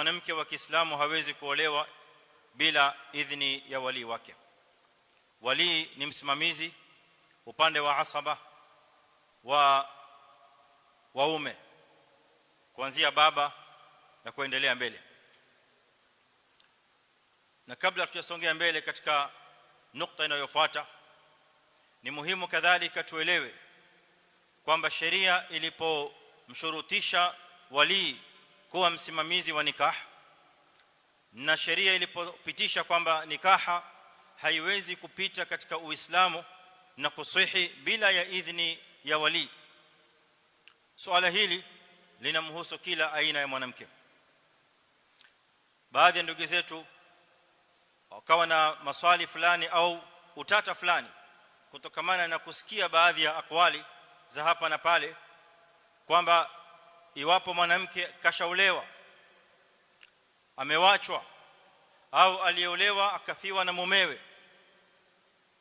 mwanamke wa Kiislamu hawezi kuolewa bila idhini ya wali wake wali ni msimamizi upande wa asaba wa waume kuanzia baba na kuendelea mbele na kabla tujasongea mbele katika nukta inayofuata ni muhimu kadhalika tuelewe kwamba sheria ilipomshurutisha wali kuwa msimamizi wa nikah na sheria ilipopitisha kwamba nikaha haiwezi kupita katika uislamu na kusihi bila ya idhni ya wali suala hili linamhusu kila aina ya mwanamke baadhi ya ndugu zetu wakawa na maswali fulani au utata fulani kutokamana na kusikia baadhi ya akwali za hapa na pale kwamba iwapo mwanamke kashaolewa amewachwa au aliolewa akafiwa na mumewe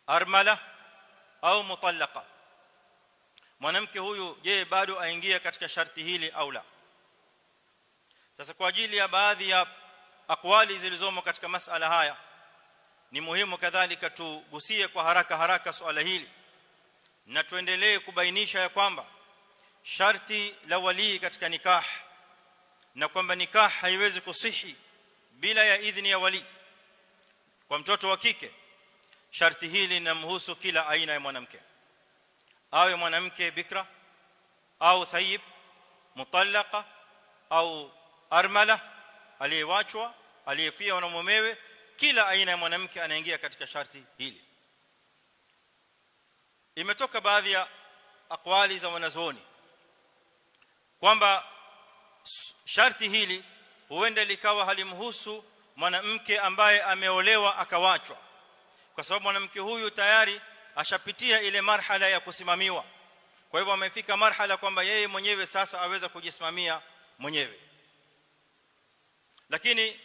armala au mutallaqa mwanamke huyu je bado aingia katika sharti hili au la sasa kwa ajili ya baadhi ya akwali zilizomo katika masala haya ni muhimu kadhalika tugusie kwa haraka haraka swala hili na tuendelee kubainisha ya kwamba sharti la walii katika nikah na kwamba nikah haiwezi kusihi bila ya idhini ya wali kwa mtoto wa kike sharti hili linamhusu kila aina ya mwanamke awe mwanamke bikra au thayib mutallaqa au armala aliyewachwa aliyefia na mumewe kila aina ya mwanamke anaingia katika sharti hili imetoka baadhi ya aqwali za wanazuoni kwamba sharti hili huenda likawa halimhusu mwanamke ambaye ameolewa akawachwa kwa sababu mwanamke huyu tayari ashapitia ile marhala ya kusimamiwa kwa hivyo amefika marhala kwamba yeye mwenyewe sasa aweza kujisimamia mwenyewe lakini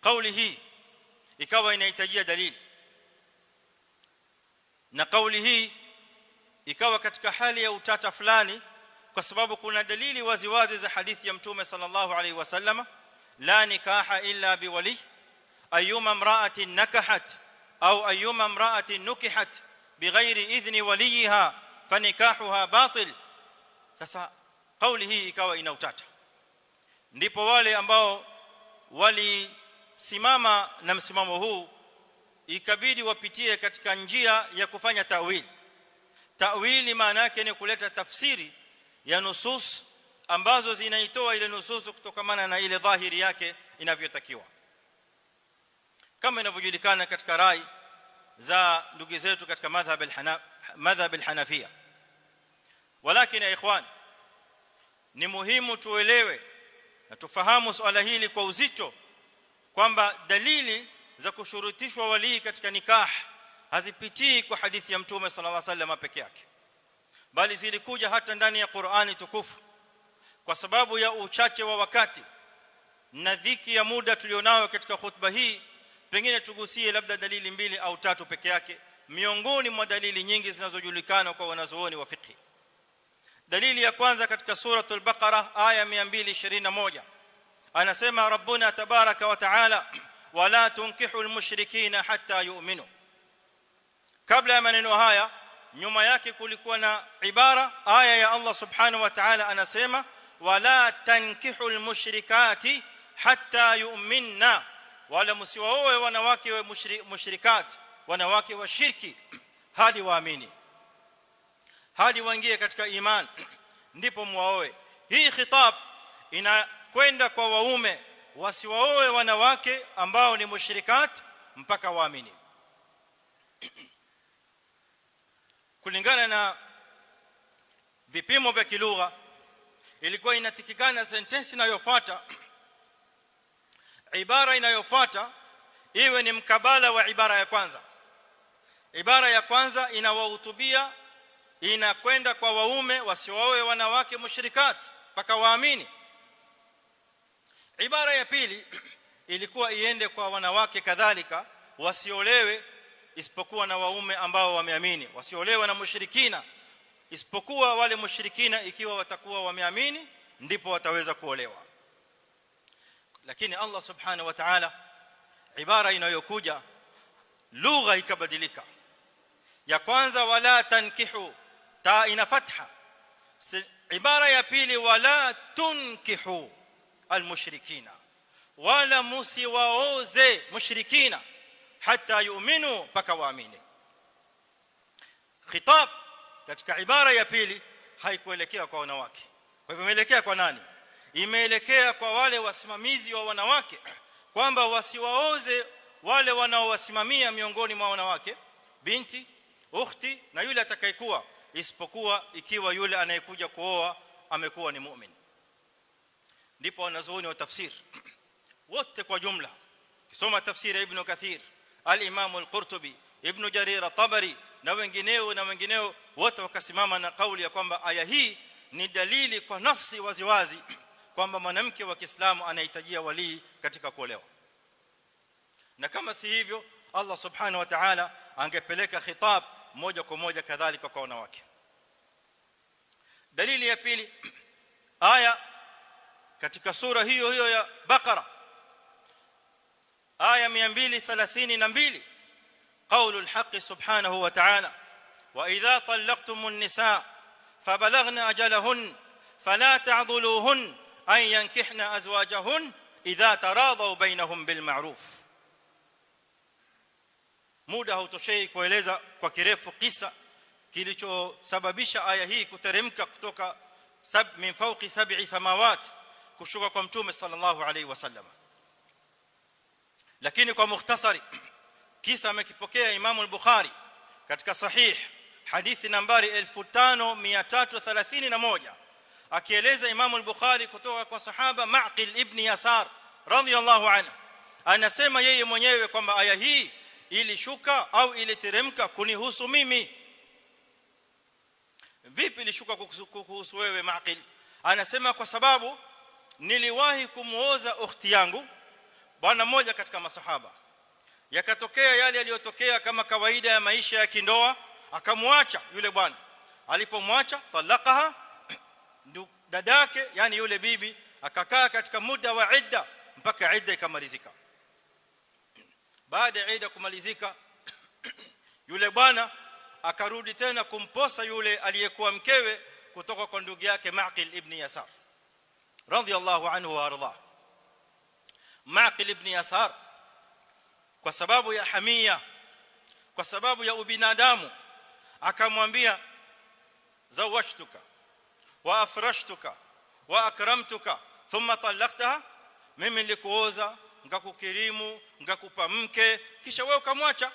kauli hii ikawa inahitajia dalili na kauli hii ikawa katika hali ya utata fulani kwa sababu kuna dalili waziwazi za hadithi ya mtume sallallahu alaihi wasallam la nikaha illa biwali ayuma imra'atin nakahat au ayuma imra'atin nukihat bighairi idhni waliha fanikahuha batil sasa kauli hii ikawa ina utata ndipo wale ambao walisimama na msimamo huu ikabidi wapitie katika njia ya kufanya tawili tawili maana yake ni kuleta tafsiri ya nusus ambazo zinaitoa ile nusus kutokamana na ile dhahiri yake inavyotakiwa kama inavyojulikana katika rai za ndugu zetu katika madhhab al-hanaf madhhab al-hanafia walakin ya ikhwan ni muhimu tuelewe na tufahamu swala hili kwa uzito kwamba dalili za kushurutishwa walii katika nikah hazipitii kwa hadithi ya mtume sallallahu alaihi wasallam peke yake bali zilikuja hata ndani ya Qur'ani tukufu kwa sababu ya uchache wa wakati na dhiki ya muda tulionao katika khutba hii pengine tugusie labda dalili mbili au tatu peke yake miongoni mwa dalili nyingi zinazojulikana kwa wanazuoni wa fiqh dalili ya kwanza katika suratul baqara aya 221 anasema rabbuna tabaraka wa taala wala tunkihul mushrikina hatta yu'minu kabla ya maneno haya nyuma yake kulikuwa na ibara aya ya Allah subhanahu wa ta'ala anasema wala tankihu mushrikati hatta yu'minna wala msiwaoe wanawake wa mushrikati wanawake wa shirki hadi waamini hadi waingie katika iman ndipo muoe hii khitab inakwenda kwa waume wasiwaoe wanawake ambao ni mushrikati mpaka waamini kulingana na vipimo vya kilugha ilikuwa inatikikana sentensi inayofuata ibara inayofuata iwe ni mkabala wa ibara ya kwanza ibara ya kwanza inawahutubia inakwenda kwa waume wasiowaoe wanawake mushrikat mpaka waamini ibara ya pili ilikuwa iende kwa wanawake kadhalika wasiolewe isipokuwa na waume ambao wameamini wasiolewe na mushirikina isipokuwa wale mushirikina ikiwa watakuwa wameamini ndipo wataweza kuolewa lakini Allah subhanahu wa ta'ala ibara inayokuja lugha ikabadilika ya kwanza wala tankihu ta ina fatha ibara ya pili wala tunkihu almushrikina wala musiwaoze mushrikina hata yu'minu mpaka waamini khitab katika ibara ya pili haikuelekea kwa wanawake kwa hivyo imeelekea kwa nani imeelekea kwa wale wasimamizi wa wanawake kwamba wasiwaoze wale wanaowasimamia miongoni mwa wanawake binti ukhti na yule atakayekuwa isipokuwa ikiwa yule anayekuja kuoa amekuwa ni muumini ndipo wanazuoni wa tafsiri wote kwa jumla kisoma tafsiri ya ibn kathir al-Imam al-Qurtubi Ibn Jarir at-Tabari na wengineo na wengineo wote wakasimama na kauli ya kwamba aya hii ni dalili kwa nafsi waziwazi kwamba mwanamke wa Kiislamu anahitajia walii katika kuolewa na kama si hivyo Allah subhanahu wa ta'ala angepeleka khitab moja kwa moja kadhalika kwa wanawake dalili ya pili aya katika sura hiyo hiyo ya Baqara aya 232 qaulul haqq subhanahu wa ta'ala wa idha talaqtumun nisaa ajalahun fala ta'dhuluhun تعذلوهن yankihna azwajahun idha taradaw bainahum bil ma'ruf muda hutoshei kueleza kwa kirefu kisa kilichosababisha aya hii kuteremka kutoka sab min fawqi sab'i samawat kushuka kwa mtume sallallahu alayhi wasallam lakini kwa mukhtasari kisa amekipokea Imam al-Bukhari katika sahih hadithi nambari 5331 akieleza Imam al-Bukhari kutoka kwa sahaba Ma'qil ibn Yasar radhiyallahu anhu anasema yeye mwenyewe kwamba aya hii ilishuka au iliteremka kunihusu mimi vipi ilishuka kuhusu wewe Ma'qil anasema kwa sababu niliwahi kumuoza ukhti yangu bwana mmoja katika masahaba yakatokea yale yaliyotokea kama kawaida ya maisha ya kindoa akamwacha yule bwana alipomwacha talaqaha dadake yani yule bibi akakaa katika muda wa idda mpaka idda ikamalizika baada ya idda kumalizika yule bwana akarudi tena kumposa yule aliyekuwa mkewe kutoka kwa ndugu yake Maqil ibn Yasar radiyallahu anhu wa ardhahu maqil ibn yasar kwa sababu ya hamia kwa sababu ya ubinadamu akamwambia zawashtuka wa afrashtuka wa akramtuka thumma talaqtaha mimi nilikuoza ngakukirimu ngakupa mke kisha wewe ukamwacha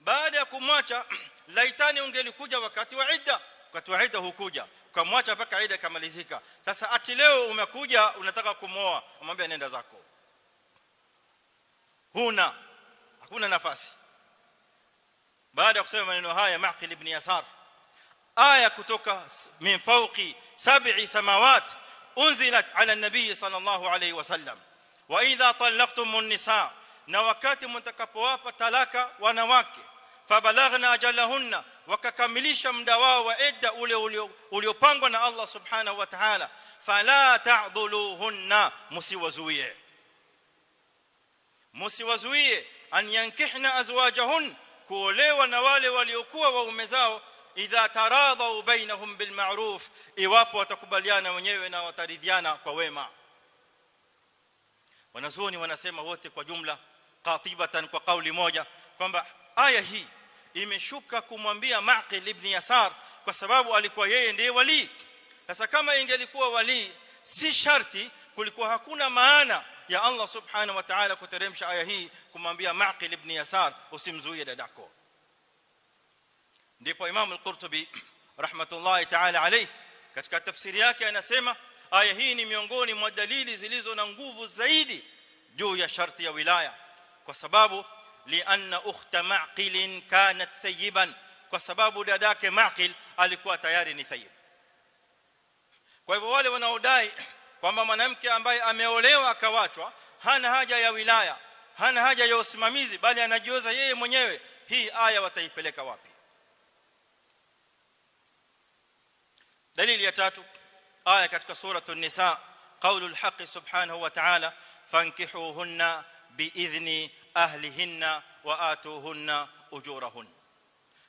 baada ya kumwacha laitani ungelikuja wakati wa idda wakati wa idda hukuja ukamwacha mpaka ile kamalizika sasa ati leo umekuja unataka kumoa amwambia nenda zako huna hakuna nafasi baada ya kusema maneno haya maqil ibn yasar aya kutoka min fawqi sab'i samawat unzilat ala an-nabiy sallallahu alayhi wasallam wa idha talaqtumun nisaa na wakati mtakapowapa talaka wanawake fabalaghna ajalahunna wakakamilisha muda wao wa idda ule uliopangwa na Allah subhanahu wa ta'ala fala ta'dhuluhunna musiwazuie musiwazuie an yankihna azwajahun kuolewa na wale waliokuwa waume zao idha taradhau bainahum bil ma'ruf iwapo watakubaliana wenyewe na wataridhiana kwa wema wanazuoni wanasema wote kwa jumla qatibatan kwa kauli moja kwamba aya hii imeshuka kumwambia Maqil ibn Yasar kwa sababu alikuwa yeye ndiye wali sasa kama ingelikuwa wali si sharti kulikuwa hakuna maana ya Allah subhanahu wa ta'ala kuteremsha aya hii kumwambia Maqil ibn Yasar usimzuie dadako ndipo Imam al-Qurtubi rahmatullahi ta'ala alayh katika tafsiri yake anasema aya hii ni miongoni mwa dalili zilizo na nguvu zaidi juu ya sharti ya wilaya kwa sababu lianna ukhta maqil kanat thayyiban kwa sababu dadake maqil alikuwa tayari ni thayib kwa hivyo wale wanaodai kwamba mwanamke ambaye ameolewa akawachwa hana haja ya wilaya hana haja ya usimamizi bali anajioza yeye mwenyewe hii aya wataipeleka wapi dalili ya tatu aya katika sura an-nisa qaulul haqq subhanahu wa ta'ala fankihuhunna biidhni ahlihinna wa atuhunna ujurahun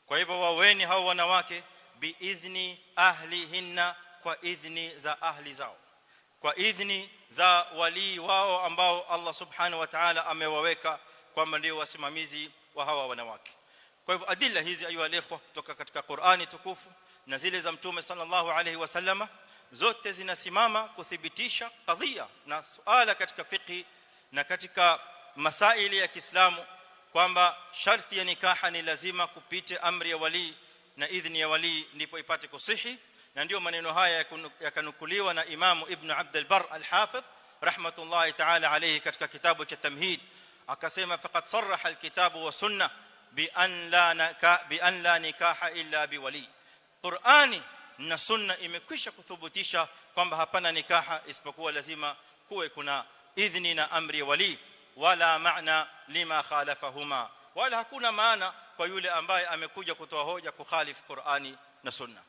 kwa hivyo waweni hao wanawake biidhni ahlihinna kwa idhni za ahli zao kwa idhni za walii wao ambao Allah subhanahu wa ta'ala amewaweka kwamba ndio wasimamizi wa hawa wanawake kwa hivyo adilla hizi ayu alikhwa kutoka katika Qur'ani tukufu na zile za mtume sallallahu alayhi wasallama zote zinasimama kuthibitisha kadhia na suala katika fiqhi na katika masaili ya Kiislamu kwamba sharti ya nikaha ni lazima kupite amri ya wali na idhni ya wali ndipo ipate kusihi na ndio maneno haya yakanukuliwa na Imam Ibn Abd al-Barr al-Hafidh rahmatullahi ta'ala alayhi katika kitabu cha Tamhid akasema faqad sarraha al-kitabu wa sunnah bi an la naka bi an la nikaha illa bi wali Qur'ani na sunna imekwisha kuthubutisha kwamba hapana nikaha isipokuwa lazima kuwe kuna idhni na amri ya wali wala maana lima khalafahuma wala hakuna maana kwa yule ambaye amekuja kutoa hoja kukhalifu Qur'ani na Sunna